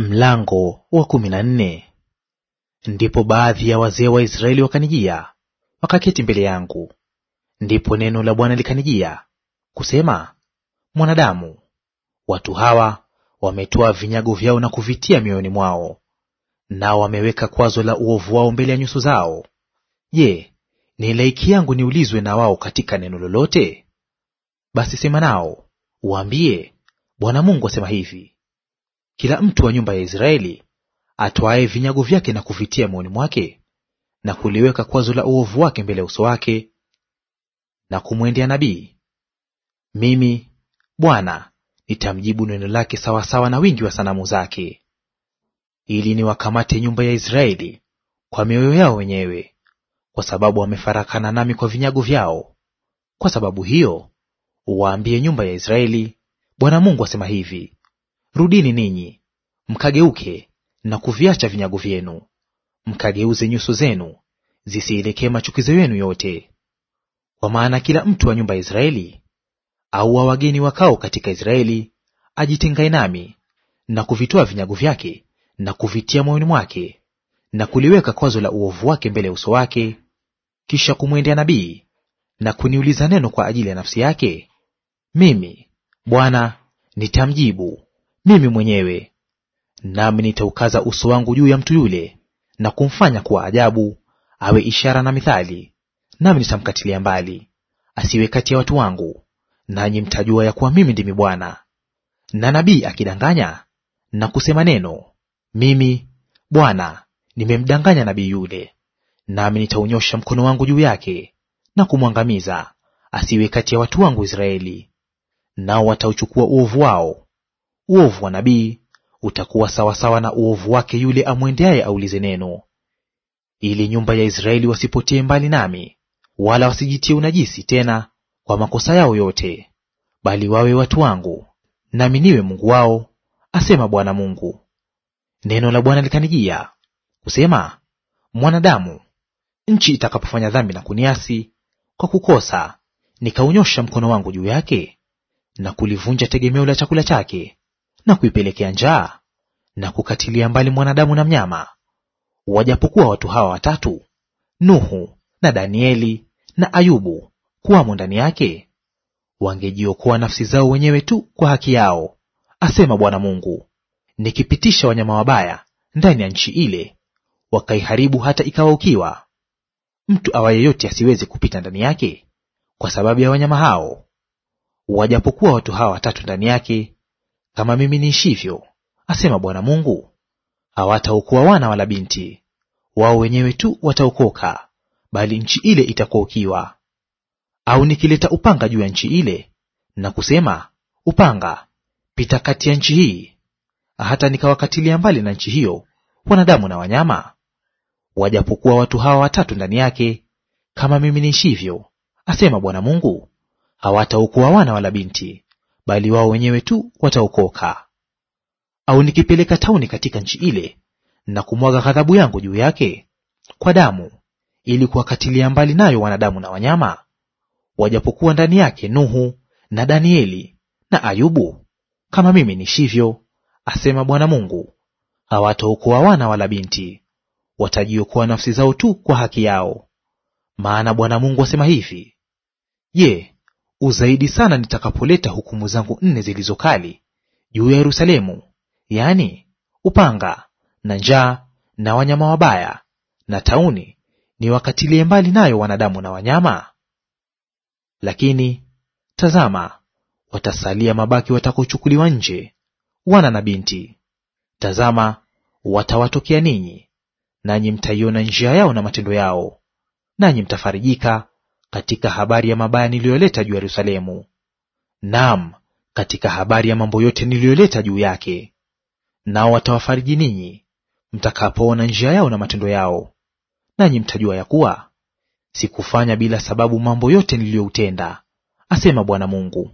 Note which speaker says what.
Speaker 1: Mlango wa kumi na nne. Ndipo baadhi ya wazee wa Israeli wakanijia wakaketi mbele yangu. Ndipo neno la Bwana likanijia kusema, Mwanadamu, watu hawa wametoa vinyago vyao na kuvitia mioyoni mwao, nao wameweka kwazo la uovu wao mbele ya nyuso zao. Je, ni laiki yangu niulizwe na wao katika neno lolote? Basi sema nao, uambie, Bwana Mungu asema hivi kila mtu wa nyumba ya Israeli atwaye vinyago vyake na kuvitia moyoni mwake na kuliweka kwazo la uovu wake mbele ya uso wake na kumwendea nabii, mimi Bwana nitamjibu neno lake sawasawa na wingi wa sanamu zake, ili niwakamate nyumba ya Israeli kwa mioyo yao wenyewe, kwa sababu wamefarakana nami kwa vinyago vyao. Kwa sababu hiyo uwaambie nyumba ya Israeli, Bwana Mungu asema hivi: Rudini ninyi mkageuke na kuviacha vinyago vyenu, mkageuze nyuso zenu zisielekee machukizo yenu yote. Kwa maana kila mtu wa nyumba ya Israeli au wa wageni wakao katika Israeli ajitengae nami na kuvitoa vinyago vyake na kuvitia moyoni mwake na kuliweka kwazo la uovu wake mbele ya uso wake, kisha kumwendea nabii na kuniuliza neno kwa ajili ya nafsi yake, mimi Bwana nitamjibu mimi mwenyewe, nami nitaukaza uso wangu juu ya mtu yule na kumfanya kuwa ajabu, awe ishara na mithali, nami nitamkatilia mbali, asiwe kati ya watu wangu, nanyi mtajua ya kuwa mimi ndimi Bwana. Na nabii akidanganya na kusema neno, mimi Bwana nimemdanganya nabii yule, nami nitaunyosha mkono wangu juu yake na kumwangamiza, asiwe kati ya watu wangu Israeli. Nao watauchukua uovu wao Uovu wa nabii utakuwa sawasawa na uovu wake yule amwendeaye aulize neno, ili nyumba ya Israeli wasipotee mbali nami, wala wasijitie unajisi tena kwa makosa yao yote, bali wawe watu wangu, nami niwe Mungu wao, asema Bwana Mungu. Neno la Bwana likanijia kusema, mwanadamu, nchi itakapofanya dhambi na kuniasi kwa kukosa, nikaunyosha mkono wangu juu yake na kulivunja tegemeo la chakula chake na kuipelekea njaa na kukatilia mbali mwanadamu na mnyama, wajapokuwa watu hawa watatu, Nuhu na Danieli na Ayubu, kuwamo ndani yake, wangejiokoa nafsi zao wenyewe tu kwa haki yao, asema Bwana Mungu, nikipitisha wanyama wabaya ndani ya nchi ile, wakaiharibu hata ikawa ukiwa, mtu awa yeyote asiweze kupita ndani yake kwa sababu ya wanyama hao. Wajapokuwa watu hawa watatu ndani yake kama mimi niishivyo, asema Bwana Mungu, hawataokoa wana wala binti wao, wenyewe tu wataokoka, bali nchi ile itakuwa ukiwa. Au nikileta upanga juu ya nchi ile na kusema, upanga pita kati ya nchi hii, hata nikawakatilia mbali na nchi hiyo wanadamu na wanyama, wajapokuwa watu hawa watatu ndani yake, kama mimi niishivyo, asema Bwana Mungu, hawataokoa wana wala binti bali wao wenyewe tu wataokoka. Au nikipeleka tauni katika nchi ile na kumwaga ghadhabu yangu juu yake kwa damu, ili kuwakatilia mbali nayo wanadamu na wanyama, wajapokuwa ndani yake Nuhu na Danieli na Ayubu, kama mimi nishivyo, asema Bwana Mungu, hawataokoa wana wala binti, watajiokoa nafsi zao tu kwa haki yao. Maana Bwana Mungu asema hivi: Je, uzaidi sana nitakapoleta hukumu zangu nne zilizokali juu ya Yerusalemu, yaani upanga na njaa na wanyama wabaya na tauni, ni wakatilie mbali nayo wanadamu na wanyama? Lakini tazama, watasalia mabaki watakaochukuliwa nje, wana na binti. Tazama, watawatokea ninyi, nanyi mtaiona njia yao na matendo yao, nanyi mtafarijika katika habari ya mabaya niliyoleta juu ya Yerusalemu, naam, katika habari ya mambo yote niliyoleta juu yake. Nao watawafariji ninyi mtakapoona njia yao na matendo yao, nanyi mtajua ya kuwa sikufanya bila sababu mambo yote niliyoutenda, asema Bwana Mungu.